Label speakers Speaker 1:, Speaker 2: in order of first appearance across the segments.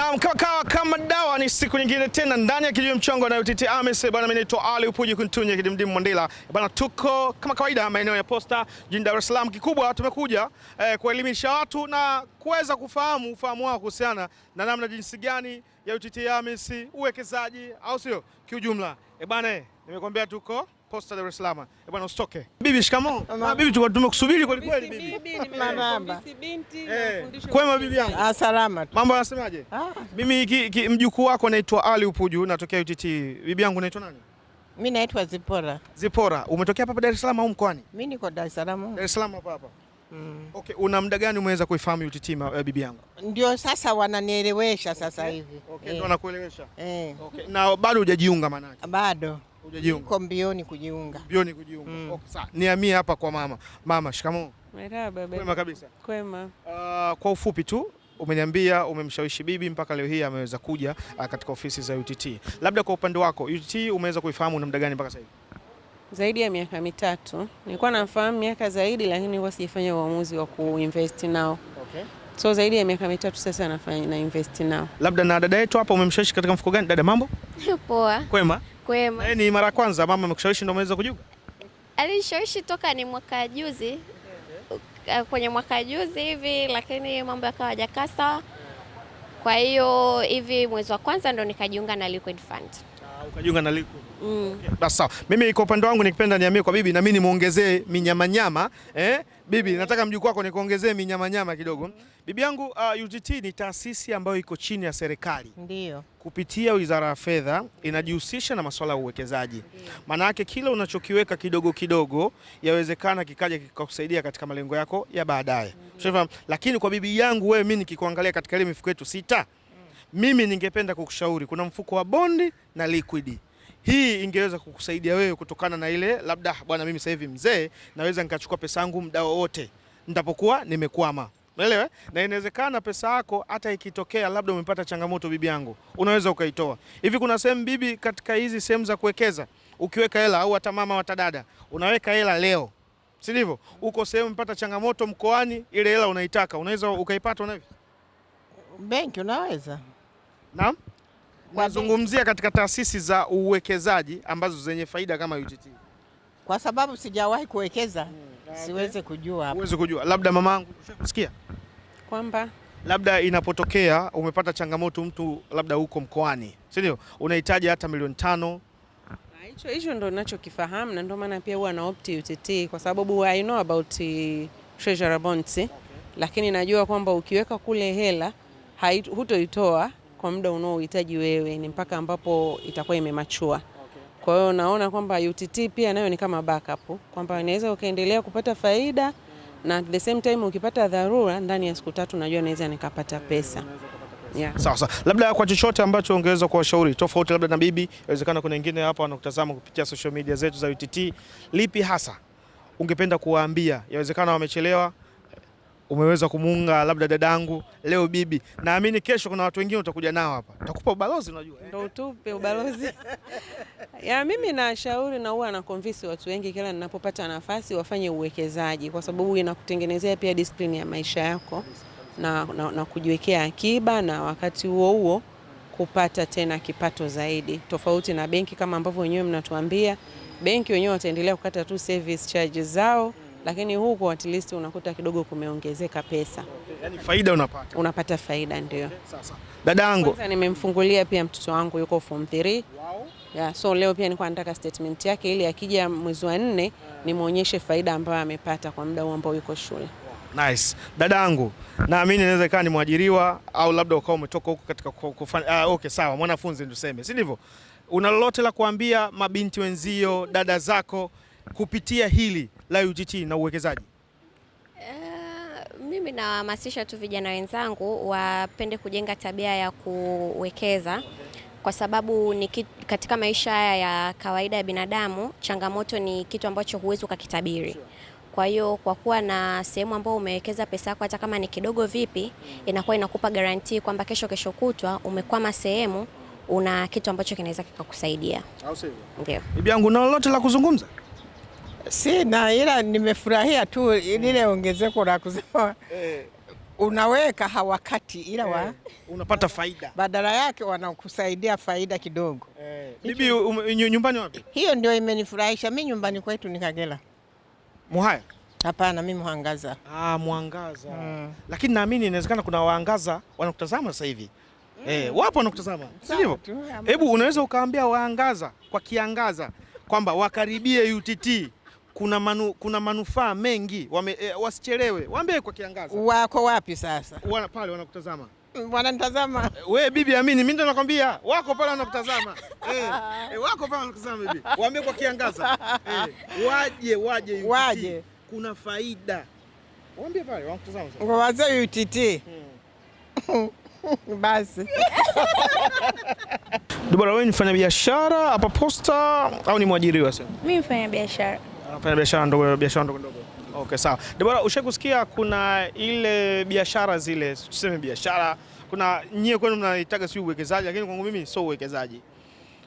Speaker 1: Na mkawakawa kama dawa, ni siku nyingine tena ndani ya kijiwe mchongo na UTT AMIS. E e. Bwana, mimi naitwa Ali Upuji Kuntunya Kidimdimu Mwandila. Eh, bwana, tuko kama kawaida maeneo ya Posta jijini Dar es Salaam. Kikubwa tumekuja eh, kuelimisha watu na kuweza kufahamu ufahamu wao kuhusiana na namna jinsi gani ya UTT AMIS e uwekezaji, au sio, kiujumla. Eh bwana, eh, nimekuambia tuko Posta Dar es Salaam. Eh, bwana usitoke. Bibi shikamoo. Ah, bibi tulikuwa tumekusubiri kweli kweli bibi.
Speaker 2: Bibi ni mama. Binti
Speaker 1: eh, na Kwema bibi yangu.
Speaker 3: Ah, salama tu.
Speaker 1: Mambo yanasemaje? Ah. Mimi mjukuu wako naitwa Ali Upuju natokea UTT. Bibi yangu naitwa nani?
Speaker 3: Mimi naitwa Zipora.
Speaker 1: Zipora, umetokea hapa Dar es Salaam au mkoani?
Speaker 3: Mimi niko Dar es Salaam.
Speaker 1: Dar es Salaam hapa hapa. Mm. Okay, una muda gani umeweza kuifahamu UTT uh, eh, bibi yangu?
Speaker 3: Ndio sasa wananielewesha sasa hivi.
Speaker 1: Okay, ndio wanakuelewesha. Eh. Okay, na bado hujajiunga maana?
Speaker 3: Bado. Hujajiunga? Niko mbioni kujiunga.
Speaker 1: Mbioni kujiunga. Mm. Okay, sawa. Nihamie hapa kwa mama. Mama, shikamoo.
Speaker 3: Merhaba baba. Kwema kabisa. Kwema. Uh,
Speaker 1: kwa ufupi tu umeniambia umemshawishi bibi mpaka leo hii ameweza kuja uh, katika ofisi za UTT. Labda kwa upande wako UTT umeweza kuifahamu na muda gani mpaka sasa hivi?
Speaker 3: Zaidi ya miaka mitatu. Nilikuwa nafahamu miaka zaidi, lakini nilikuwa sijafanya uamuzi wa kuinvest nao. Okay. So zaidi ya miaka mitatu sasa nafanya na invest nao.
Speaker 1: Labda na dada yetu hapa umemshawishi katika mfuko gani? Dada, mambo? Poa. Kwema kwema. Eh, ni mara kwanza mama amekushawishi ndio umeweza kujuga
Speaker 4: Alinishawishi toka ni mwaka juzi eh, kwenye mwaka juzi hivi, lakini mambo yakawa hajakaa sawa. Kwa hiyo hivi mwezi wa kwanza ndo nikajiunga na Liquid Fund.
Speaker 1: Ukajiunga na liko Mm. Okay, sawa. Mimi kwa upande wangu nikipenda niambie kwa bibi na mimi nimuongezee nyama eh? Bibi mm. nataka mjukuu wako nikuongezee nyama kidogo. Mm. Bibi yangu uh, UTT ni taasisi ambayo iko chini ya serikali. Ndio. Kupitia Wizara ya Fedha inajihusisha na masuala ya uwekezaji. Maana yake kila unachokiweka kidogo kidogo yawezekana kikaja kikakusaidia katika malengo yako ya baadaye. Mm. Lakini kwa bibi yangu wewe mimi nikikuangalia katika ile mifuko yetu sita mimi ningependa kukushauri, kuna mfuko wa bondi na liquidi hii ingeweza kukusaidia wewe kutokana na ile labda, bwana, mimi sasa hivi mzee, naweza nikachukua pesa yangu muda wowote nitapokuwa nimekwama, unaelewa. Na inawezekana pesa yako hata ikitokea labda umepata changamoto, bibi yangu, unaweza ukaitoa hivi. Kuna sehemu bibi, katika hizi sehemu za kuwekeza, ukiweka hela au hata mama wa dada, unaweka hela leo, si ndivyo? Uko sehemu umepata changamoto mkoani, ile hela unaitaka, unaweza ukaipata. Unavyo
Speaker 3: benki unaweza
Speaker 1: Naam, nazungumzia katika taasisi za uwekezaji ambazo zenye faida kama UTT.
Speaker 3: Kwa sababu sijawahi kuwekeza hmm, siweze kujua hapo.
Speaker 1: Uweze kujua labda mamangu kusikia kwamba labda inapotokea umepata changamoto mtu labda huko mkoani, si ndio? Unahitaji hata milioni tano
Speaker 3: hicho hicho ndo ninachokifahamu na ndio maana pia huwa na opt UTT kwa sababu I know about treasury bonds okay. Lakini najua kwamba ukiweka kule hela hutoitoa kwa muda unaohitaji wewe, ni mpaka ambapo itakuwa imemachua. Kwa hiyo naona kwamba UTT pia nayo ni kama backup, kwamba inaweza ukaendelea kupata faida mm. na at the same time ukipata dharura ndani ya siku tatu, najua naweza nikapata mm, pesa.
Speaker 1: Yeah. Sasa labda kwa chochote ambacho ungeweza kuwashauri tofauti labda na bibi, inawezekana kuna wengine hapa wanakutazama kupitia social media zetu za UTT, lipi hasa ungependa kuwaambia? Yawezekana wamechelewa umeweza kumuunga labda dadangu leo bibi, naamini kesho kuna watu wengine utakuja nao hapa, utakupa ubalozi. Unajua
Speaker 3: ndo utupe ubalozi ya mimi nashauri na huwa na convince watu wengi kila ninapopata nafasi wafanye uwekezaji, kwa sababu inakutengenezea pia discipline ya maisha yako na, na, na kujiwekea akiba na wakati huo huo kupata tena kipato zaidi, tofauti na benki kama ambavyo wenyewe mnatuambia benki wenyewe wataendelea kukata tu service charges zao lakini huku at least unakuta kidogo kumeongezeka pesa.
Speaker 1: Yani faida unapata.
Speaker 3: Unapata faida ndio. Okay. Sasa dadangu, nimemfungulia pia mtoto wangu yuko form 3. Wow. Yeah, so leo pia nilikuwa nataka statement yake ili akija mwezi wa nne yeah, nimwonyeshe faida ambayo amepata kwa muda huu ambao yuko shule.
Speaker 1: Nice. Dadangu, naamini inaweza ikawa ni mwajiriwa au labda ukawa umetoka huko katika kufanya uh, okay, sawa, mwanafunzi ndio si ndivyo? Una lolote la kuambia mabinti wenzio, dada zako kupitia hili la UGT na uwekezaji?
Speaker 4: Uh, mimi nawahamasisha tu vijana wenzangu wapende kujenga tabia ya kuwekeza kwa sababu ni katika maisha haya ya kawaida ya binadamu changamoto ni kitu ambacho huwezi ukakitabiri. Kwa hiyo kwa kuwa na sehemu ambayo umewekeza pesa yako hata kama ni kidogo vipi, inakuwa inakupa garantii kwamba kesho kesho kutwa umekwama sehemu una kitu ambacho kinaweza kikakusaidia.
Speaker 1: Ndio. Bibi yangu, na lolote la kuzungumza?
Speaker 3: Sina, ila nimefurahia tu lile mm. ongezeko la kusema eh. unaweka hawakati ila wa eh.
Speaker 1: unapata faida
Speaker 3: badala yake wanakusaidia faida kidogo eh.
Speaker 1: Bibi um, nyumbani wapi?
Speaker 3: Hiyo ndio imenifurahisha mi. Nyumbani kwetu ni Kagera. Muhaya? Hapana, mi Mwangaza.
Speaker 1: Ah, Mwangaza mm. Lakini naamini inawezekana kuna Waangaza wanakutazama sasa hivi mm. Eh, wapo wanakutazama, si ndivyo? Hebu unaweza ukaambia Waangaza kwa Kiangaza kwamba wakaribie UTT kuna, manu, kuna manufaa mengi wame, e, wasichelewe, waambie kwa kiangazi.
Speaker 3: Wako wapi sasa?
Speaker 1: Wana pale wanakutazama
Speaker 3: wanatazama
Speaker 1: eh, we bibi, amini mimi ndo nakwambia, wako pale wanakutazama eh, e, wako pale wanakutazama bibi, waambie kwa kiangaza eh, waje waje UTT. Waje, kuna faida, waambie pale wanakutazama sasa,
Speaker 3: wazee UTT hmm. basi
Speaker 1: Dubara, wewe ni mfanya biashara hapa Posta au ni mwajiriwa sasa?
Speaker 4: Mimi mfanya biashara
Speaker 1: anafanya biashara ndogo biashara ndogo ndogo. Okay, sawa. Debora, ushakusikia kuna ile biashara zile, tuseme biashara, kuna nyie kwenu mnaitaga sio uwekezaji, lakini kwangu mimi sio uwekezaji,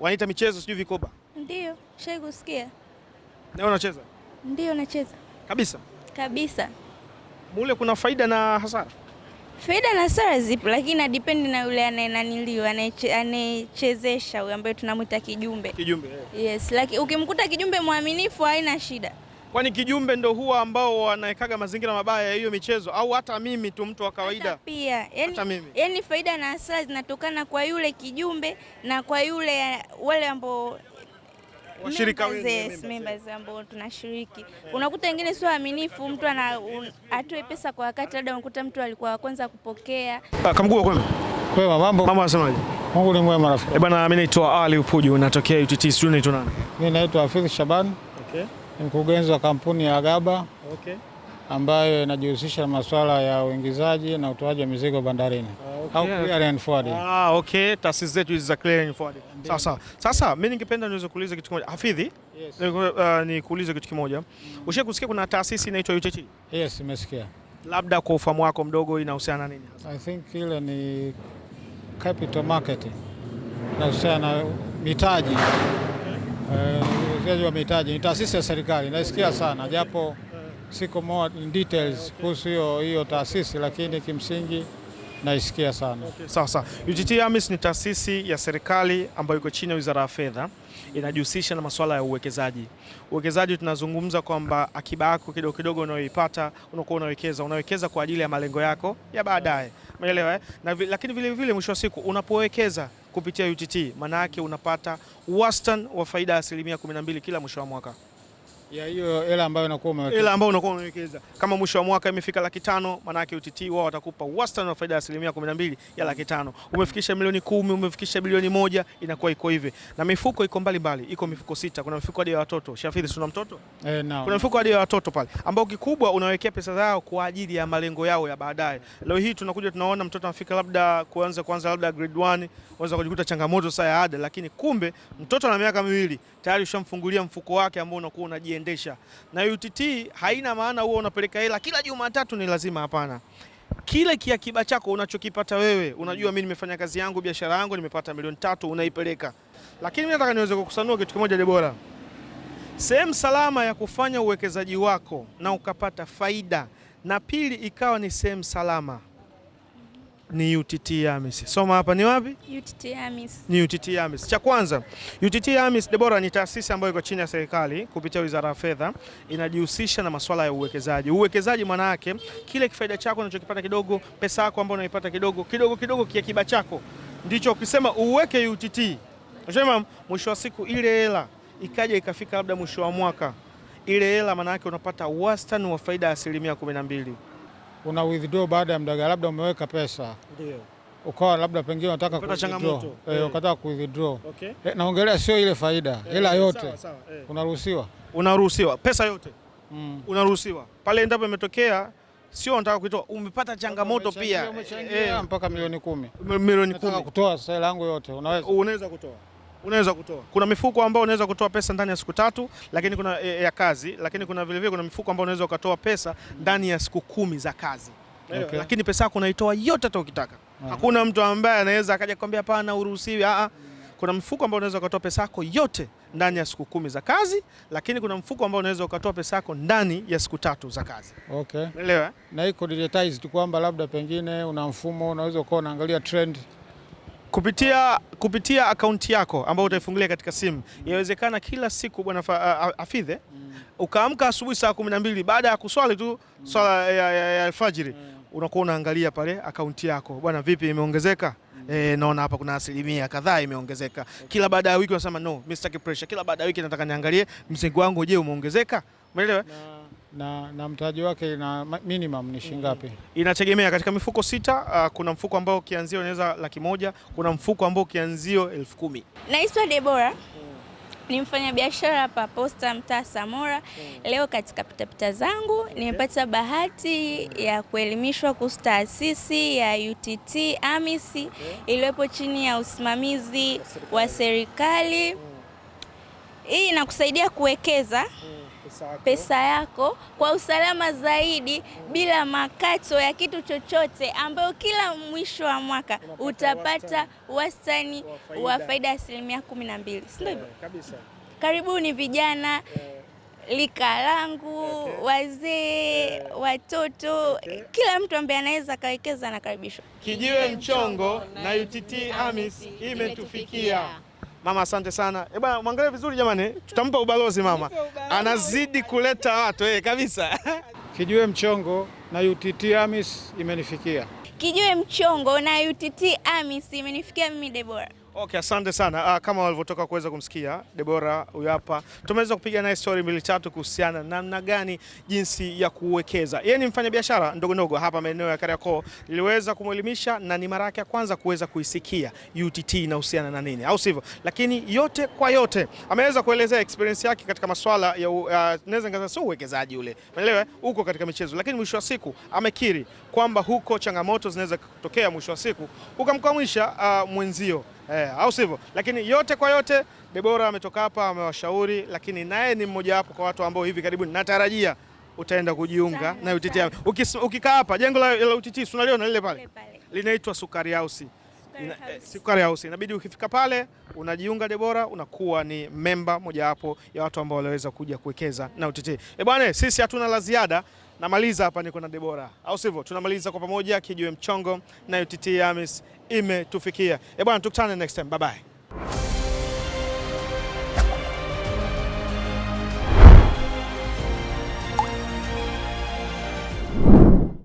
Speaker 1: wanaita michezo, sijui vikoba.
Speaker 4: Ndio, ushakusikia? Leo unacheza? Ndio, nacheza kabisa kabisa.
Speaker 1: Mule kuna faida na hasara
Speaker 4: Faida na sara zipo, lakini na depend na yule anayenaniliwa anayechezesha huyo ambaye tunamwita kijumbe. Kijumbe. Yeah. Yes, lakini ukimkuta kijumbe mwaminifu haina shida.
Speaker 1: Kwani kijumbe ndo huwa ambao wanaekaga mazingira mabaya ya hiyo michezo au hata mimi tu mtu wa kawaida? Hata
Speaker 4: pia. Yani, yani faida na hasara zinatokana kwa yule kijumbe na kwa yule eh, wale ambao washirika wengine mimba zetu ambao tunashiriki, unakuta wengine sio waaminifu, mtu ana atoe pesa kwa wakati, labda unakuta mtu alikuwa wa kwanza kupokea.
Speaker 1: Kamgua kwema kwema, mambo mambo, wasemaje?
Speaker 5: Mungu ni mwema rafiki.
Speaker 1: Eh bwana, mimi naitwa Ali Upuju, natokea UTT student nani?
Speaker 5: Mimi naitwa Hafiz Shaban. Okay. Ni mkurugenzi wa kampuni ya Agaba. Okay. ambayo inajihusisha na masuala ya uingizaji na utoaji wa mizigo bandarini. Ah, okay. au clear and forwarding.
Speaker 1: Ah, okay. Taasisi zetu hizi za clear and forwarding. Sawa sawa. Sasa mimi ningependa niweze kuuliza kitu kimoja. Hafidhi? Yes. Uh, nikuulize kitu kimoja. Mm. Ushawahi kusikia kuna taasisi inaitwa UTT?
Speaker 6: Yes, nimesikia.
Speaker 1: Labda kwa ufahamu wako mdogo inahusiana nini?
Speaker 6: I think ile ni capital market. Inahusiana na mitaji. Eh, wa mitaji. Ni taasisi ya serikali. Naisikia sana japo siko more in details kuhusu hiyo hiyo taasisi lakini kimsingi naisikia sana.
Speaker 1: sawa sawa. UTT AMIS ni taasisi ya serikali ambayo iko chini ya Wizara ya Fedha, inajihusisha na masuala ya uwekezaji. Uwekezaji tunazungumza kwamba akiba yako kidogo kidogo unayoipata unakuwa unawekeza, unawekeza kwa ajili ya malengo yako ya baadaye, umeelewa eh? Na lakini vile vile mwisho wa siku unapowekeza kupitia UTT maana yake unapata wastani wa faida ya asilimia 12 kila mwisho wa mwaka
Speaker 6: ya hiyo hela ambayo unakuwa umewekeza.
Speaker 1: Hela ambayo unakuwa unawekeza kama mwisho wa mwaka imefika laki tano, maana yake UTT wao watakupa wastani wa faida ya asilimia 12 ya laki tano. Umefikisha milioni kumi, umefikisha bilioni moja, inakuwa iko hivi. Na mifuko iko mbalimbali, iko mifuko sita, kuna mifuko hadi ya watoto. Shafiri, una mtoto? Eh, nao. Kuna mifuko hadi ya watoto pale ambao kikubwa unawekea pesa zao kwa ajili ya malengo yao ya baadaye. Leo hii tunakuja tunaona mtoto anafika labda kuanza kwanza labda grade 1, unaweza kujikuta changamoto saa ya ada, lakini kumbe mtoto ana miaka miwili tayari ushamfungulia mfuko wake ambao unakuwa unajiendea kuendesha, na UTT haina maana huwa unapeleka hela kila Jumatatu ni lazima, hapana. Kile kiakiba chako unachokipata wewe, unajua mimi nimefanya kazi yangu, biashara yangu, nimepata milioni tatu, unaipeleka. Lakini mimi nataka niweze kukusanua kitu kimoja Debora, sehemu salama ya kufanya uwekezaji wako na ukapata faida, na pili ikawa ni sehemu salama ni UTT AMIS. Soma hapa ni wapi?
Speaker 4: UTT AMIS.
Speaker 1: Ni UTT AMIS. Cha kwanza, UTT AMIS Debora ni taasisi ambayo iko chini ya serikali kupitia Wizara ya Fedha, inajihusisha na masuala ya uwekezaji. Uwekezaji maana yake kile kifaida chako unachokipata kidogo, pesa yako ambayo unaipata kidogo kidogo kidogo, kiakiba chako ndicho ukisema uweke UTT, unasema mwisho wa siku ile hela ikaja ikafika labda mwisho wa mwaka, ile hela maana yake unapata wastani wa faida ya asilimia kumi na mbili
Speaker 6: una withdraw baada ya muda, labda umeweka pesa ndio ukawa labda pengine unataka eh, eh. ukataka okay. Eh, naongelea sio ile faida, eh, ila yote unaruhusiwa,
Speaker 1: unaruhusiwa pesa yote mm. unaruhusiwa pale endapo imetokea sio unataka kuitoa, umepata changamoto pia
Speaker 6: mpaka milioni kumi, milioni kumi kutoa sasa hela yangu yote unaweza,
Speaker 1: unaweza kutoa unaweza kutoa. Kuna mifuko ambayo unaweza kutoa pesa ndani ya siku tatu, lakini kuna e, ya kazi, lakini kuna vilevile kuna mifuko ambayo unaweza ukatoa pesa ndani ya siku kumi za kazi. Eh, okay. Eh. Lakini pesa yako unaitoa yote hata ukitaka. Aha. Hakuna mtu ambaye anaweza akaja kwambia hapana, uruhusiwi. Aa, ah, ah. kuna mfuko ambao unaweza ukatoa pesa yako yote ndani ya siku kumi za kazi, lakini kuna mfuko ambao unaweza ukatoa pesa yako ndani ya siku tatu za kazi. Okay. Elewa?
Speaker 6: Na iko digitized kwamba labda pengine una mfumo unaweza ukawa unaangalia trend
Speaker 1: kupitia, kupitia akaunti yako ambayo utaifungulia katika simu. Inawezekana kila siku bwana mm. ukaamka asubuhi saa kumi na mbili baada ya kuswali tu swala ya alfajiri, unakuwa unaangalia pale akaunti yako, bwana, vipi, imeongezeka E, naona hapa kuna asilimia kadhaa imeongezeka. Kila baada ya wiki unasema no, mimi pressure. Kila baada ya wiki nataka niangalie mzigo wangu, je, umeongezeka? Umeelewa?
Speaker 6: na, na mtaji wake na minimum ni shilingi ngapi? mm
Speaker 1: Inategemea katika mifuko sita. Uh, kuna mfuko ambao kianzio unaweza laki moja, kuna mfuko ambao kianzio elfu kumi.
Speaker 4: Naitwa Debora ni mfanyabiashara hapa Posta mtaa Samora Leo katika pitapita zangu okay. nimepata bahati ya kuelimishwa kuhusu taasisi ya UTT AMIS okay. iliyopo chini ya usimamizi wa serikali mm. Hii inakusaidia kuwekeza mm pesa yako, pesa yako kwa usalama zaidi bila makato ya kitu chochote, ambayo kila mwisho wa mwaka utapata wastani wa faida ya asilimia kumi na mbili, si hivyo? Eh, Karibuni vijana eh, lika langu okay, wazee yeah. watoto okay, kila mtu ambaye anaweza kawekeza anakaribishwa.
Speaker 7: Kijiwe Mchongo na UTT AMIS imetufikia.
Speaker 1: Mama, asante sana. Eh bwana, mwangalie vizuri jamani, tutampa ubalozi mama. Anazidi kuleta watu eh, kabisa.
Speaker 6: kijue mchongo na UTT AMIS imenifikia.
Speaker 4: kijue mchongo na UTT AMIS imenifikia mimi Deborah.
Speaker 1: Okay, asante sana. Ah, kama walivyotoka kuweza kumsikia Debora, huyu hapa, tumeweza kupiga naye story mbili tatu kuhusiana namna gani jinsi ya kuwekeza. Yeye ni mfanyabiashara ndogo ndogo hapa maeneo ya Kariakoo, niliweza kumwelimisha na ni mara yake ya kwanza kuweza kuisikia UTT inahusiana na nini, au sivyo? Lakini yote kwa yote ameweza kuelezea experience yake katika masuala ya uh, naweza ngaza sio uwekezaji ule, unaelewa, huko katika michezo, lakini mwisho wa siku amekiri kwamba huko changamoto zinaweza kutokea, mwisho wa siku ukamkwamisha uh, mwenzio eh, au sivyo? Lakini yote kwa yote Debora ametoka hapa amewashauri, lakini naye ni mmojawapo kwa watu ambao hivi karibuni natarajia utaenda kujiunga na UTT. Ukikaa hapa jengo la UTT tunaliona lile pale, linaitwa Sukari House. Ina, eh, Sukari House inabidi ukifika pale unajiunga Debora, unakuwa ni memba mojawapo ya watu ambao waliweza kuja kuwekeza na UTT. Eh, bwana sisi hatuna la ziada, namaliza hapa niko na Debora, au sivyo? Tunamaliza kwa pamoja kijiwe mchongo na UTT AMIS imetufikia. Eh bwana, tukutane next time. Bye bye.